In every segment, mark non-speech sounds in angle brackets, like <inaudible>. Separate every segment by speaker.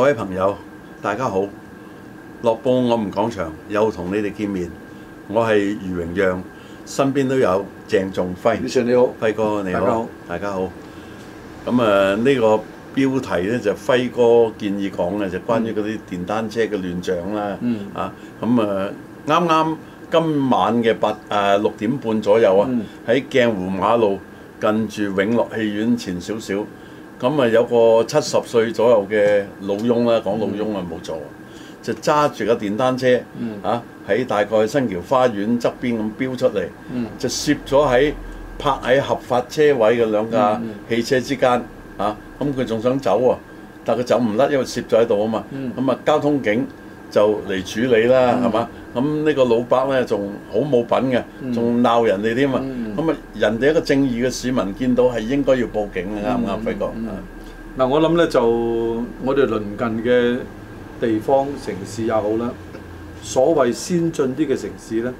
Speaker 1: 各位朋友，大家好！落波，我唔講長，又同你哋見面。我係余榮讓，身邊都有鄭仲輝。李 s 你好，輝哥你好。你好，大家好，咁啊，呢、這個標題呢，就輝哥建議講嘅，就是、關於嗰啲電單車嘅亂象啦、嗯啊。啊，咁啊，啱啱今晚嘅八誒六點半左右啊，喺、嗯、鏡湖馬路近住永樂戲院前少少。咁啊，有個七十歲左右嘅老翁啦，講老翁啊冇做，嗯、就揸住個電單車，嗯、啊喺大概新橋花園側邊咁飆出嚟，嗯、就攝咗喺泊喺合法車位嘅兩架汽車之間，嗯嗯、啊咁佢仲想走喎、啊，但佢走唔甩，因為攝咗喺度啊嘛，咁啊、嗯、交通警，就嚟處理啦，係嘛？咁呢個老伯咧，仲好冇品嘅，仲鬧人哋添啊！咁啊，人哋一個正義嘅市民見到係應該要報警嘅，啱唔啱？輝哥？嗱，
Speaker 2: 我諗咧就我哋鄰近嘅地方城市又好啦，所謂先進啲嘅城市咧，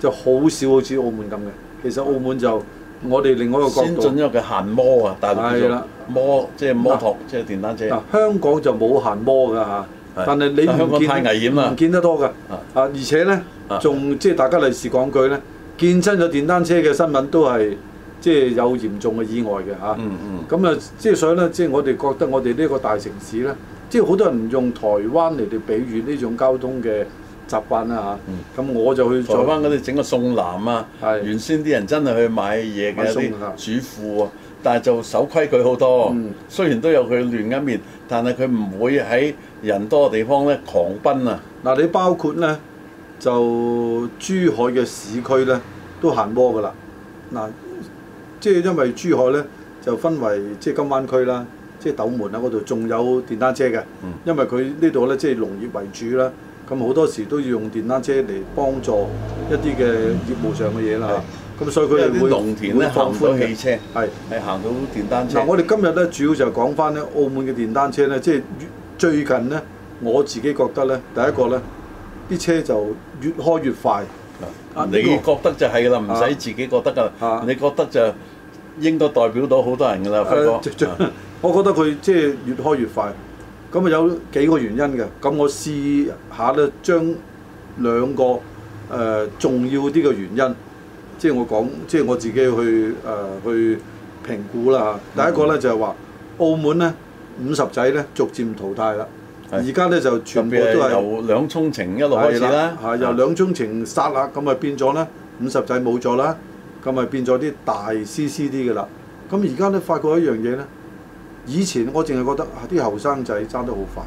Speaker 2: 就好少好似澳門咁嘅。其實澳門就我哋另外一個先進因為佢限摩啊，係啦，摩即係摩托，即係電單車。嗱，香港就冇限摩㗎吓。但係你唔見，香港太危險啦，唔見得多㗎。啊，而且咧，仲即係大家例事講句咧，見親咗電單車嘅新聞都係即係有嚴重嘅意外嘅嚇。嗯嗯。咁啊，即係所以咧，即係我哋覺得我哋呢個大城市咧，即係好多人用台灣嚟嚟比喻呢種交通嘅習慣啊。嚇。嗯。
Speaker 1: 咁我就去再台灣嗰啲整個餸籃啊，係，原先啲人真係去買嘢嘅啲主婦啊。但係就守規矩好多，嗯、雖然都有佢亂一面，但係佢唔會喺人多嘅地方咧狂奔啊！嗱，你包括呢，就珠海嘅市區呢，都限
Speaker 2: 摩噶啦。嗱，即係因為珠海呢，就分為即係金灣區啦，即係斗門啊嗰度仲有電單車嘅，嗯、因為佢呢度呢，即係農業為主啦，咁好多時都要用電單車嚟幫助一啲嘅業務上嘅嘢啦。
Speaker 1: 咁所以佢哋會農田放多汽車，係係是行到電單車。嗱，我哋
Speaker 2: 今日咧主要就講翻咧澳門嘅電單車咧，即係最近咧，我自己覺得咧，第一個咧，啲車就越開越快。
Speaker 1: 嗯、啊，你覺得就係啦，唔使、啊、自己覺得噶、啊、你覺得就應該代表到好多人噶啦，輝哥。啊啊、
Speaker 2: 我覺得佢即係越開越快，咁啊有幾個原因嘅。咁我試下咧將兩個誒重要啲嘅原因。即係我講，即係我自己去誒、呃、去評估啦嚇。第一個咧、嗯、就係話澳門咧五十仔咧逐漸淘汰啦。而家咧就全部都係由，由兩沖程一路開始啦，係的的由兩沖程殺啦，咁咪變咗咧五十仔冇咗啦，咁咪變咗啲大 C C 啲嘅啦。咁而家咧發覺一樣嘢咧，以前我淨係覺得啲後生仔揸得好快，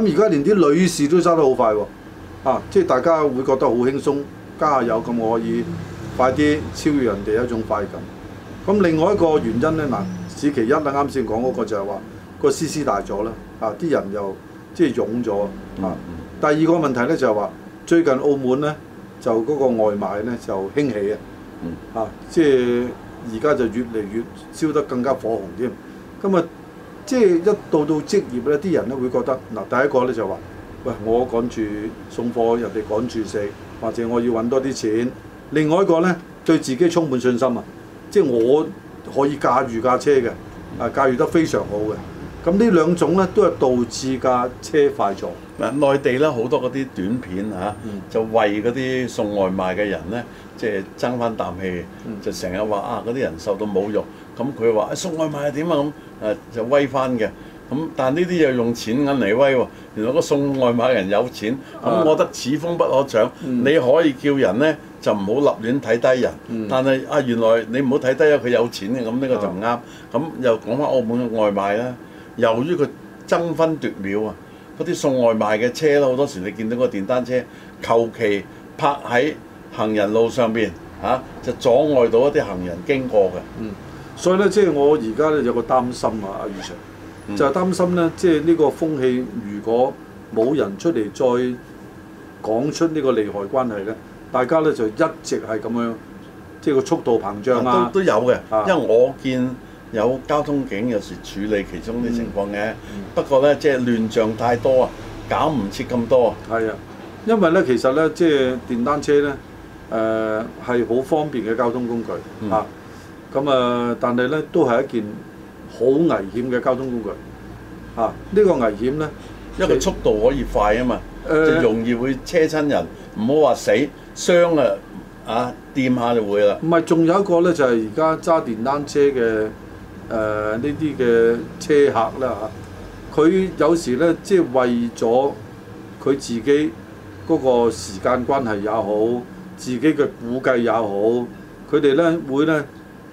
Speaker 2: 咁而家連啲女士都揸得好快喎、啊。啊，即係大家會覺得好輕鬆，加油咁我可以。啊快啲超越人哋一種快感。咁另外一個原因呢，嗱，此其一啦。啱先講嗰個就係話、嗰個師資大咗啦，啊啲人又即係湧咗啊。第二個問題呢就，就係話最近澳門呢，就嗰個外賣呢，就興起啊，啊即係而家就越嚟越燒得更加火紅添。咁啊，即係一到到職業呢，啲人呢會覺得嗱、啊，第一個呢就，就話喂，我趕住送貨，人哋趕住食，或者我要揾多啲錢。另外一個呢，對自己充滿信心啊，即係我可以駕馭駕車嘅，啊駕馭得非
Speaker 1: 常好嘅。咁呢兩種呢，都係導致架車快速。啊，內地呢，好多嗰啲短片嚇、啊，就為嗰啲送外賣嘅人呢、嗯，即係爭翻啖氣，就成日話啊嗰啲人受到侮辱、嗯，咁佢話啊送外賣係點啊咁，啊就威翻嘅。咁但呢啲又用錢嚟威喎，原來個送外賣嘅人有錢，咁我覺得此風不可長。你可以叫人呢、嗯。就唔好立亂睇低人，嗯、但係啊，原來你唔好睇低啊，佢有錢嘅，咁呢個就唔啱。咁、嗯、又講翻澳門嘅外賣啦，由於佢爭分奪秒啊，嗰啲送外賣嘅車咧，好多時你見到個電單車求其泊喺行人路上邊嚇、啊，就阻礙到一啲行人經過嘅。嗯，所以咧，即係我而家咧有個擔心啊，阿
Speaker 2: 雨 Sir，就係擔心咧，即係呢個風氣如果冇人出嚟再講出呢個利害關係咧。大家咧就一直係咁樣，
Speaker 1: 即係個速度膨脹啊！都都有嘅，啊、因為我見有交通警有時處理其中啲情況嘅。嗯、不過咧，即、就、係、是、亂象太多啊，搞唔切咁多。
Speaker 2: 係啊，因為咧其實咧，即係電單車咧，誒係好方便嘅交通工具嚇。咁、嗯、啊，但係咧都係一件好危險
Speaker 1: 嘅交通工具嚇。呢、啊呢個危險咧，因為速度可以快啊嘛，啊就容易會車親人，唔好話死。傷啊！掂下就會
Speaker 2: 啦。唔係，仲有一個呢，就係而家揸電單車嘅誒呢啲嘅車客啦嚇。佢、啊、有時呢，即、就、係、是、為咗佢自己嗰個時間關係也好，自己嘅估計也好，佢哋呢會呢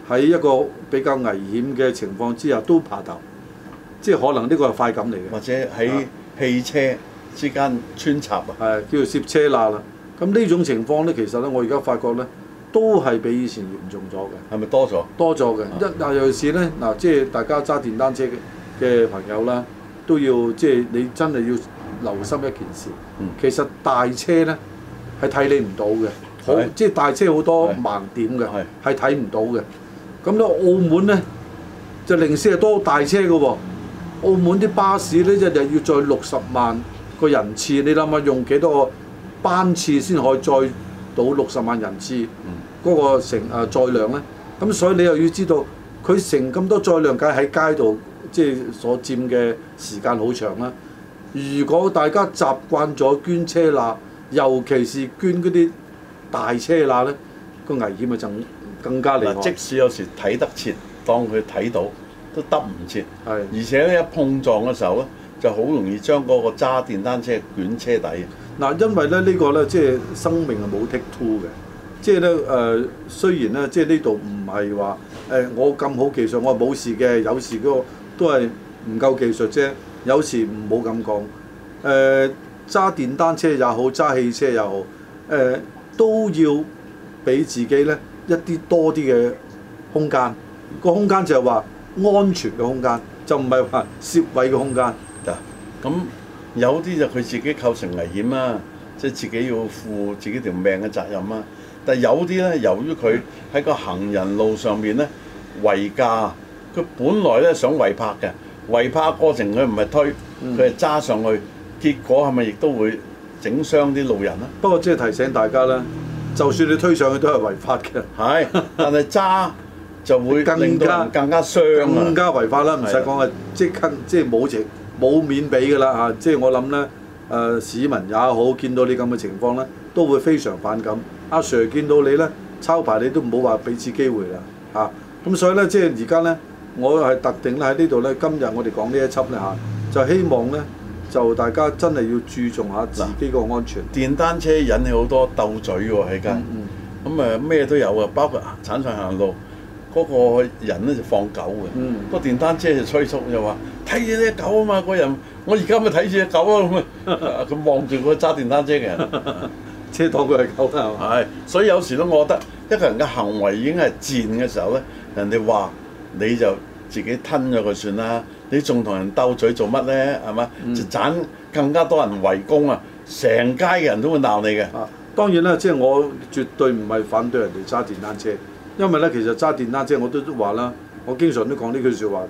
Speaker 2: 喺一個比較危險嘅情況之下都爬頭，即、就、係、是、可能呢個係快感嚟嘅，或者喺汽車之間穿插啊，啊叫做攝車罅啦。咁呢種情況呢，其實呢，我而家發覺呢，都係比以前嚴重咗嘅。係咪多咗？多咗嘅。尤其係呢，嗱，即係大家揸電單車嘅朋友啦，都要，即係你真係要留心一件事。嗯、其實大車呢，係睇你唔到嘅，好嗎即係大車好多盲點嘅，係睇唔到嘅。咁、嗯、咧，澳門呢，就零舍多大車嘅喎、哦。澳門啲巴士呢，日日要載六十萬個人次，你諗下用幾多個？班次先可以載到六十萬人次，嗰、嗯、個成誒、啊、載量咧，咁所以你又要知道佢成咁多載量，梗係喺街度即係所佔嘅時間好長啦。如果大家習慣咗捐車啦，尤其是捐嗰啲大車啦，咧，個危險啊就
Speaker 1: 更加厲害。即使有時睇得切，當佢睇到都得唔切，係的而且咧一碰撞嘅時候咧。就好容易將嗰個揸電單車捲車底。嗱，因為咧呢個呢，即、這、係、個、生命係冇 take two 嘅。即、就、係、是、呢，誒、呃，雖
Speaker 2: 然呢，即係呢度唔係話誒我咁好技術，我冇事嘅。有時嗰個都係唔夠技術啫。有時唔好咁講。誒、呃、揸電單車也好，揸汽車也好，誒、呃、都要俾自己呢一啲多啲嘅空間。個空間就係話安全嘅空間，就
Speaker 1: 唔係話攝位嘅空間。咁、嗯、有啲就佢自己構成危險啦，即係自己要負自己條命嘅責任啦。但係有啲呢，由於佢喺個行人路上面呢違駕，佢本來呢想違泊嘅，違泊過程佢唔係推，佢係揸上去，結果係咪亦都會整傷啲路人呢？不過即係提醒大家咧，就算你推上去都係違法嘅。係，
Speaker 2: 但係揸就會更加更
Speaker 1: 加傷， <laughs> 更加違法啦。唔使講
Speaker 2: 啊，即刻即係冇情。冇面俾㗎啦嚇，即係我諗呢，誒、呃、市民也好，見到你咁嘅情況呢，都會非常反感。阿、啊、Sir 見到你呢，抄牌你都唔好話俾次機會啦嚇。咁、啊、所以呢，即係而家呢，我係特定咧喺呢度呢。今日我哋講呢一輯呢，嚇，就希望呢，就大家真係要注重下自己個
Speaker 1: 安全。電單車引起好多鬥嘴喎、啊，而家，咁誒咩都有啊，包括踩上行路。嗰個人咧就放狗嘅，嗯、個電單車就催促又話睇住隻狗啊嘛，個人我而家咪睇住隻狗啊咁啊，咁望住個揸電單車嘅人，車當佢係狗得啊嘛，係，所以有時都我覺得一個人嘅行為已經係賤嘅時候咧，人哋話你就自己吞咗佢算啦，你仲同人鬥嘴做乜咧？係嘛，嗯、就盞更加多人圍攻啊，成街嘅人都會鬧你嘅、啊。當然啦，即係我絕對唔係反對人哋揸電單車。
Speaker 2: 因為咧，其實揸電單車我都都話啦，我經常都講呢句説話，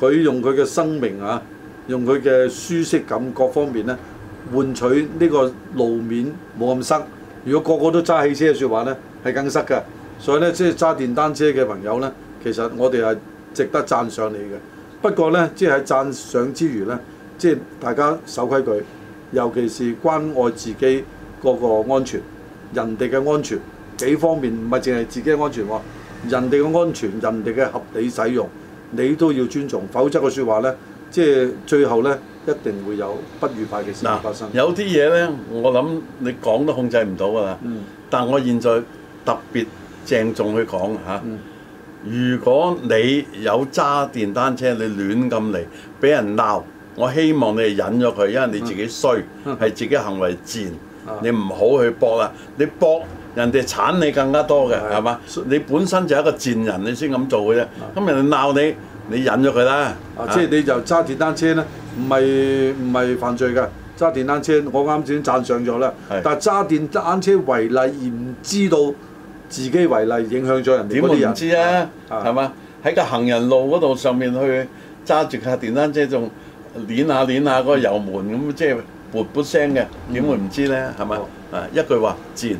Speaker 2: 佢用佢嘅生命啊，用佢嘅舒適感各方面呢，換取呢個路面冇咁塞。如果個個都揸汽車嘅説話呢，係更塞嘅。所以呢，即係揸電單車嘅朋友呢，其實我哋係值得讚賞你嘅。不過呢，即係喺讚賞之餘呢，即係大家守規矩，尤其是關愛自己個個安全，人哋嘅安全。幾方面唔係淨係自己嘅安全喎，人哋嘅安全、人哋嘅合理使用，你都要尊重，否則嘅説話呢，即係最後呢，一定會有不愉快嘅事發生。
Speaker 1: 有啲嘢呢，我諗你講都控制唔到㗎啦。嗯、但我現在特別鄭重去講嚇，啊嗯、如果你有揸電單車，你亂咁嚟，俾人鬧，我希望你係忍咗佢，因為你自己衰，係、嗯、自己行為賤，嗯嗯、你唔好去搏啦，你搏。人哋鏟你更加多嘅，係嘛？你本身就係一個賤人，你先咁做嘅啫。咁人哋鬧你，你忍咗佢啦。即係你就揸住單車咧，唔係唔係犯罪嘅。揸電單車，我啱先
Speaker 2: 讚賞咗啦。但係揸電單車違例而唔知道自己違例，
Speaker 1: 影響咗人哋。點會唔知啊？係嘛？喺個行人路嗰度上面去揸住架電單車，仲捻下捻下個油門咁，即係潑潑聲嘅，點會唔知咧？係咪？誒，一句話賤。